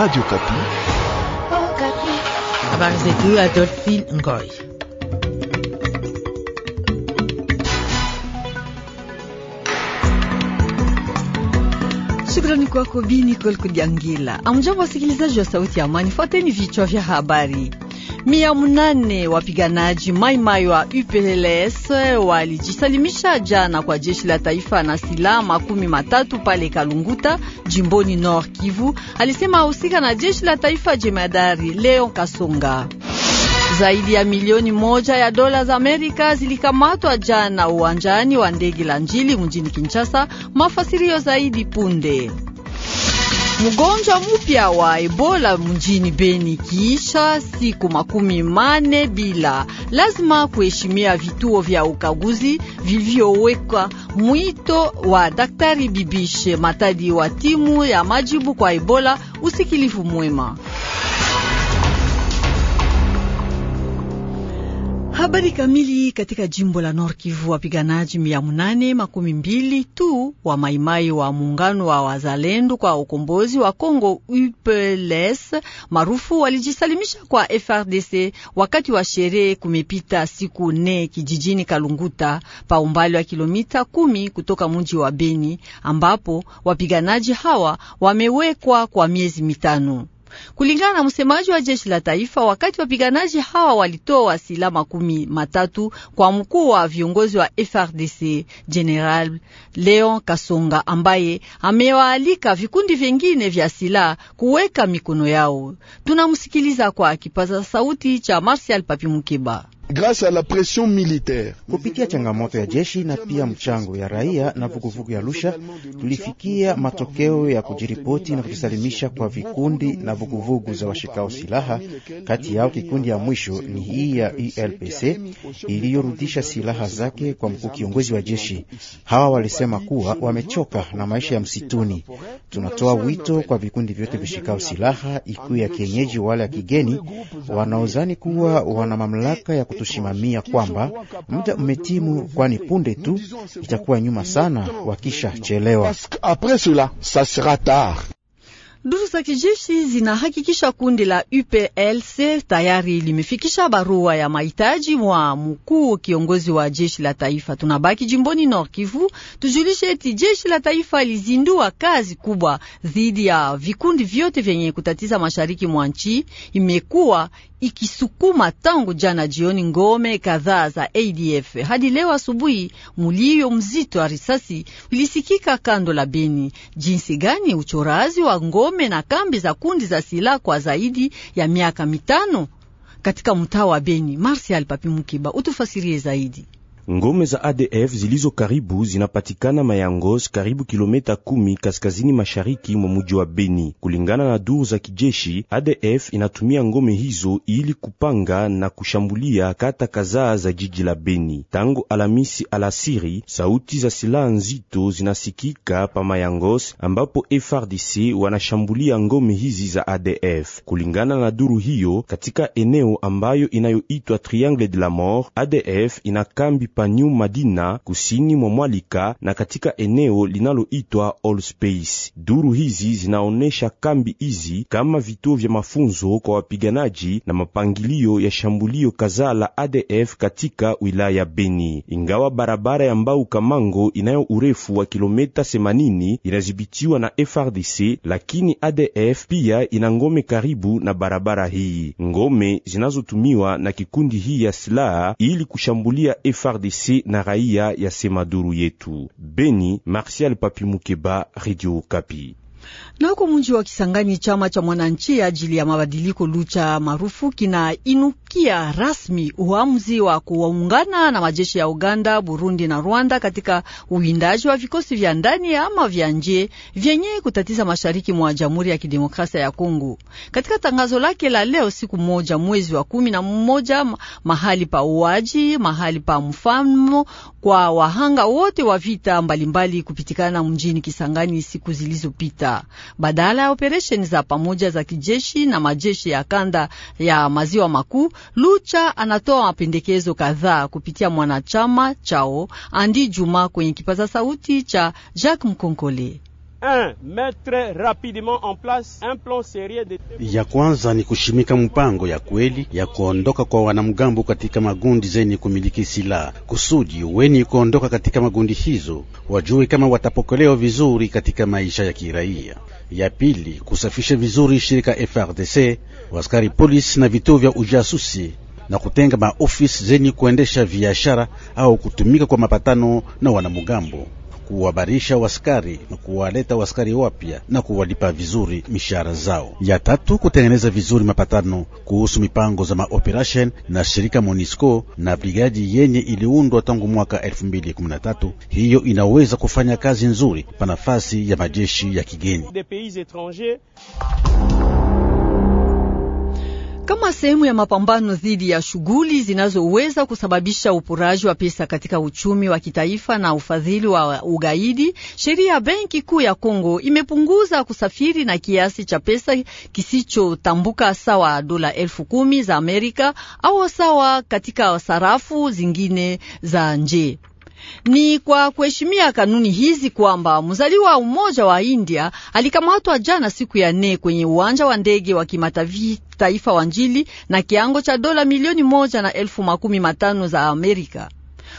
Radio Kapi. Habari zetu Adolphine Ngoy. Shukrani kwako Bi Nicole Kudiangila. Amjambo wasikilizaji wa Sauti ya Amani, fuateni vichwa vya habari mia mnane wapiganaji maimai wa UPLS walijisalimisha jana kwa jeshi la taifa na silaha makumi matatu pale Kalunguta jimboni Nord Kivu, alisema husika na jeshi la taifa jemadari Leon Kasonga. Zaidi ya milioni moja ya dola za Amerika zilikamatwa jana uwanjani wa ndege la Njili mjini Kinshasa. Mafasirio zaidi punde. Mgonjwa mpya wa Ebola mjini Beni kiisha siku makumi mane bila. Lazima kuheshimia vituo vya ukaguzi vilivyowekwa. Mwito wa Daktari Bibishe Matadi wa timu ya majibu kwa Ebola, usikilivu mwema. Habari kamili katika jimbo la Nord Kivu, wapiganaji mia munane makumi mbili tu wa maimai wa muungano wa wazalendo kwa ukombozi wa congo UPLS maarufu walijisalimisha kwa FRDC wakati wa sherehe. Kumepita siku nne kijijini Kalunguta pa umbali wa kilomita kumi kutoka mji wa Beni ambapo wapiganaji hawa wamewekwa kwa miezi mitano kulingana na msemaji wa jeshi la taifa. Wakati wapiganaji hawa walitoa silaha makumi matatu kwa mkuu wa viongozi wa FRDC General Leon Kasonga, ambaye amewaalika vikundi vingine vya silaha kuweka mikono yao. Tunamsikiliza kwa kipaza sauti cha Martial Papi Mukeba grâce à la pression militaire. Kupitia changamoto ya jeshi na pia mchango ya raia na vuguvugu ya Lusha, tulifikia matokeo ya kujiripoti na kujisalimisha kwa vikundi na vuguvugu za washikao silaha. Kati yao kikundi ya mwisho ni hii ya ELPC iliyorudisha silaha zake kwa mkuu kiongozi wa jeshi. Hawa walisema kuwa wamechoka na maisha ya msituni. Tunatoa wito kwa vikundi vyote vishikao silaha, ikiwa ya kienyeji wala ya kigeni, wanaozani kuwa wana mamlaka ya kutushimamia kwamba muda umetimu, kwani punde tu itakuwa nyuma sana wakisha chelewa. Duru za kijeshi zinahakikisha kundi la UPLC tayari limefikisha barua ya mahitaji wa mkuu kiongozi wa jeshi la taifa. Tunabaki jimboni Nord Kivu, tujulishe eti jeshi la taifa lizindua kazi kubwa dhidi ya vikundi vyote vyenye kutatiza mashariki mwa nchi, imekuwa ikisukuma tangu jana jioni ngome kadhaa za ADF hadi leo asubuhi. Mulio mzito wa risasi ulisikika kando la Beni. Jinsi gani uchorazi wa ngome kinyume na kambi za kundi za silaha kwa zaidi ya miaka mitano katika mtaa wa Beni. Marsial Papi Mukiba utufasirie zaidi. Ngome za ADF zilizo karibu zinapatikana Mayangos, karibu kilomita kumi kaskazini mashariki mwa muji wa Beni. Kulingana na duru za kijeshi, ADF inatumia ngome hizo ili kupanga na kushambulia kata kadhaa za jiji la Beni. Tangu Alamisi alasiri, sauti za silaha nzito zinasikika pa Mayangos, ambapo FRDC wanashambulia ngome hizi za ADF. Kulingana na duru hiyo, katika eneo ambayo inayoitwa Triangle de la Mort, ADF ina kambi pa New Madina kusini mwa Mwalika na katika eneo linaloitwa All Space. Duru hizi zinaonesha kambi hizi kama vituo vya mafunzo kwa wapiganaji na mapangilio ya shambulio kadhaa la ADF katika wilaya Beni. Ingawa barabara ya Mbau Kamango inayo urefu wa kilomita 80 inadhibitiwa na FRDC, lakini ADF pia ina ngome karibu na barabara hii, ngome zinazotumiwa na kikundi hii ya silaha ili kushambulia FRDC FARDC na raia, yasema duru yetu Beni. Martial Papi Mukeba, Radio Kapi. Nako mji wa Kisangani, chama cha mwananchi ajili ya mabadiliko Lucha maarufu kinainukia rasmi uamuzi wa kuungana na majeshi ya Uganda, Burundi na Rwanda katika uwindaji wa vikosi vya ndani ama vya nje vyenye kutatiza mashariki mwa Jamhuri ya Kidemokrasia ya Kongo. Katika tangazo lake la leo, siku moja mwezi wa kumi na mmoja, mahali pa uaji, mahali pa mfano kwa wahanga wote wa vita mbalimbali kupitikana mjini Kisangani siku zilizopita badala ya operesheni za pamoja za kijeshi na majeshi ya kanda ya maziwa makuu. Lucha anatoa mapendekezo kadhaa kupitia mwanachama chao Andi Juma kwenye kipaza sauti cha Jacques Mkonkole. Un, Mettre rapidement en place un plan sérieux de... Ya kwanza ni kushimika mpango ya kweli ya kuondoka kwa wanamgambo katika magundi zenye kumiliki silaha, kusudi weni kuondoka katika magundi hizo wajue kama watapokelewa vizuri katika maisha ya kiraia. Ya pili, kusafisha vizuri shirika FRDC, waskari polisi na vituo vya ujasusi na kutenga maofisi zenye kuendesha biashara au kutumika kwa mapatano na wanamugambo kuwabarisha waskari na kuwaleta waskari wapya na kuwalipa vizuri mishahara zao. Ya tatu, kutengeneza vizuri mapatano kuhusu mipango za maoperation na shirika MONUSCO na brigadi yenye iliundwa tangu mwaka 2013. Hiyo inaweza kufanya kazi nzuri pa nafasi ya majeshi ya kigeni kama sehemu ya mapambano dhidi ya shughuli zinazoweza kusababisha upuraji wa pesa katika uchumi wa kitaifa na ufadhili wa ugaidi. Sheria ya Benki Kuu ya Kongo imepunguza kusafiri na kiasi cha pesa kisichotambuka sawa dola elfu kumi za Amerika au sawa katika sarafu zingine za nje. Ni kwa kuheshimia kanuni hizi kwamba mzaliwa umoja wa India alikamatwa jana siku ya nne kwenye uwanja wa ndege wa kimataifa wa Njili na kiango cha dola milioni moja na elfu makumi matano za Amerika.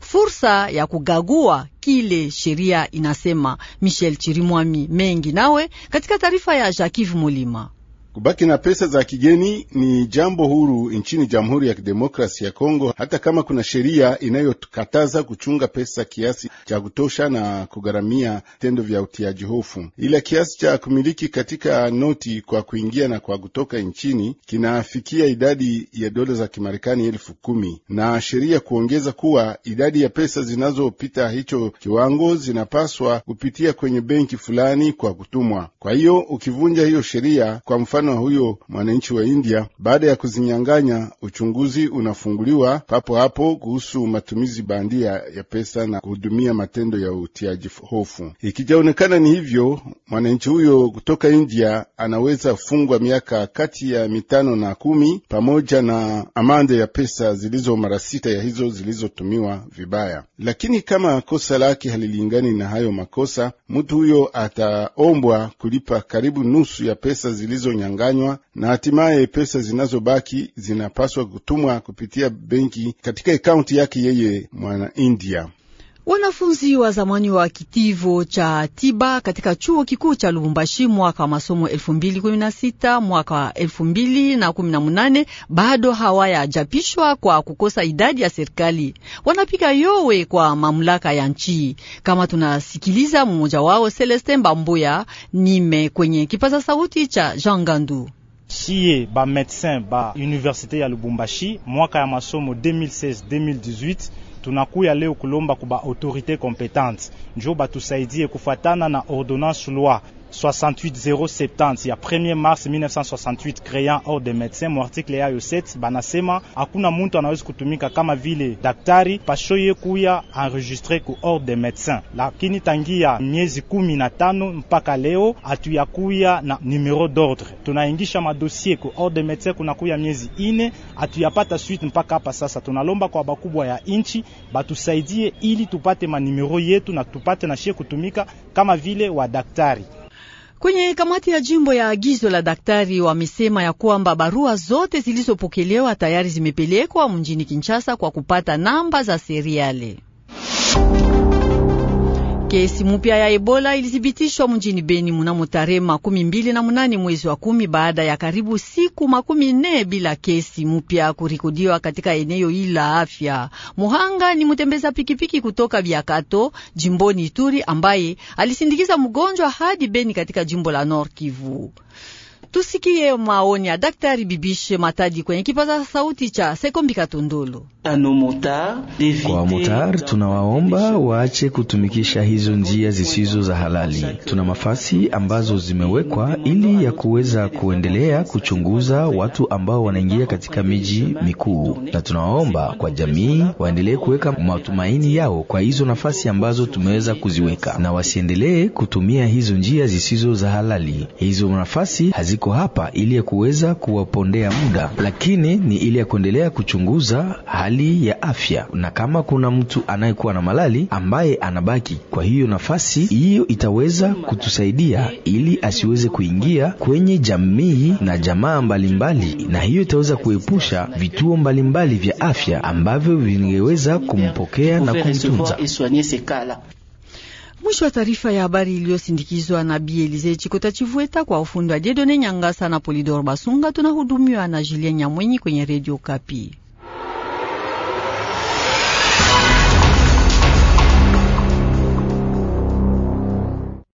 Fursa ya kugagua kile sheria inasema. Michel Chirimwami mengi nawe katika taarifa ya Jacques Mulima. Kubaki na pesa za kigeni ni jambo huru nchini Jamhuri ya Kidemokrasi ya Kongo, hata kama kuna sheria inayokataza kuchunga pesa kiasi cha kutosha na kugharamia vitendo vya utiaji hofu, ila kiasi cha kumiliki katika noti kwa kuingia na kwa kutoka nchini kinafikia idadi ya dola za Kimarekani elfu kumi na sheria kuongeza kuwa idadi ya pesa zinazopita hicho kiwango zinapaswa kupitia kwenye benki fulani kwa kutumwa. Kwa hiyo ukivunja hiyo sheria kwa mfano mfano wa huyo mwananchi wa India. Baada ya kuzinyang'anya, uchunguzi unafunguliwa papo hapo kuhusu matumizi bandia ya pesa na kuhudumia matendo ya utiaji hofu. Ikijaonekana ni hivyo, mwananchi huyo kutoka India anaweza fungwa miaka kati ya mitano na kumi pamoja na amande ya pesa zilizo mara sita ya hizo zilizotumiwa vibaya. Lakini kama kosa lake halilingani na hayo makosa, mtu huyo ataombwa kulipa karibu nusu ya pesa zilizo kuchanganywa na hatimaye pesa zinazobaki zinapaswa kutumwa kupitia benki katika akaunti yake yeye mwana India. Wanafunzi wa zamani wa kitivo cha tiba katika chuo kikuu cha Lubumbashi mwaka wa masomo 2016 mwaka 2018 bado hawayajapishwa kwa kukosa idadi ya serikali. Wanapiga yowe kwa mamlaka ya nchi, kama tunasikiliza mmoja wao Celeste Mbambuya nime kwenye kipaza sauti cha Jean Gandu. Siye ba medecin ba universite ya Lubumbashi mwaka ya masomo 2016 2018 tunakuya leo kulomba kuba autorité compétente njo batusaidie kufatana na ordonnance loi 68070 ya 1 Mars 1968 créant ordre des médecins. Mwartikle yayo 7 banasema hakuna muntu anawezi kutumika kama vile daktari ye kuya enregistre ku ordre des médecins, lakini tangia miezi kumi na tano mpaka leo hatuyakuya na numero d'ordre. Tunaingisha madosie ku ordre des médecins kunakuya miezi ine hatuyapata suite mpaka hapa sasa. Tunalomba kwa bakubwa ya inchi batusaidie ili tupate manimero yetu na tupate na shie kutumika kama vile wa daktari. Kwenye kamati ya jimbo ya agizo la daktari wamesema ya kwamba barua zote zilizopokelewa tayari zimepelekwa mjini Kinshasa kwa kupata namba za seriale Kesi mupya ya Ebola ilithibitishwa mjini Beni mnamo tarehe makumi mbili na munane mwezi wa kumi baada ya karibu siku makumi nne bila kesi mupya kurikodiwa katika eneo hili la afya. Muhanga ni mtembeza pikipiki kutoka Biakato jimboni Ituri ambaye alisindikiza mgonjwa hadi Beni katika jimbo la Nord Kivu. Tusikie maoni ya Daktari Bibishe Matadi kwenye kipaza sauti cha Sekombi Katundulu. Kwa mutari tunawaomba waache kutumikisha hizo njia zisizo za halali. Tuna mafasi ambazo zimewekwa ili ya kuweza kuendelea kuchunguza watu ambao wanaingia katika miji mikuu, na tunawaomba kwa jamii waendelee kuweka matumaini yao kwa hizo nafasi ambazo tumeweza kuziweka, na wasiendelee kutumia hizo njia zisizo za halali. Hizo nafasi hazi iko hapa ili ya kuweza kuwapondea muda, lakini ni ili ya kuendelea kuchunguza hali ya afya, na kama kuna mtu anayekuwa na malali ambaye anabaki kwa hiyo nafasi hiyo, itaweza kutusaidia ili asiweze kuingia kwenye jamii na jamaa mbalimbali mbali, na hiyo itaweza kuepusha vituo mbalimbali mbali vya afya ambavyo vingeweza kumpokea na kumtunza. Mwisho wa taarifa ya habari iliyosindikizwa na Bi Elize Chikota Chivueta kwa ufundi wa Dedone Nyangasa na Polidor Basunga. Tunahudumiwa na Julien Nyamwenyi kwenye Redio Kapi.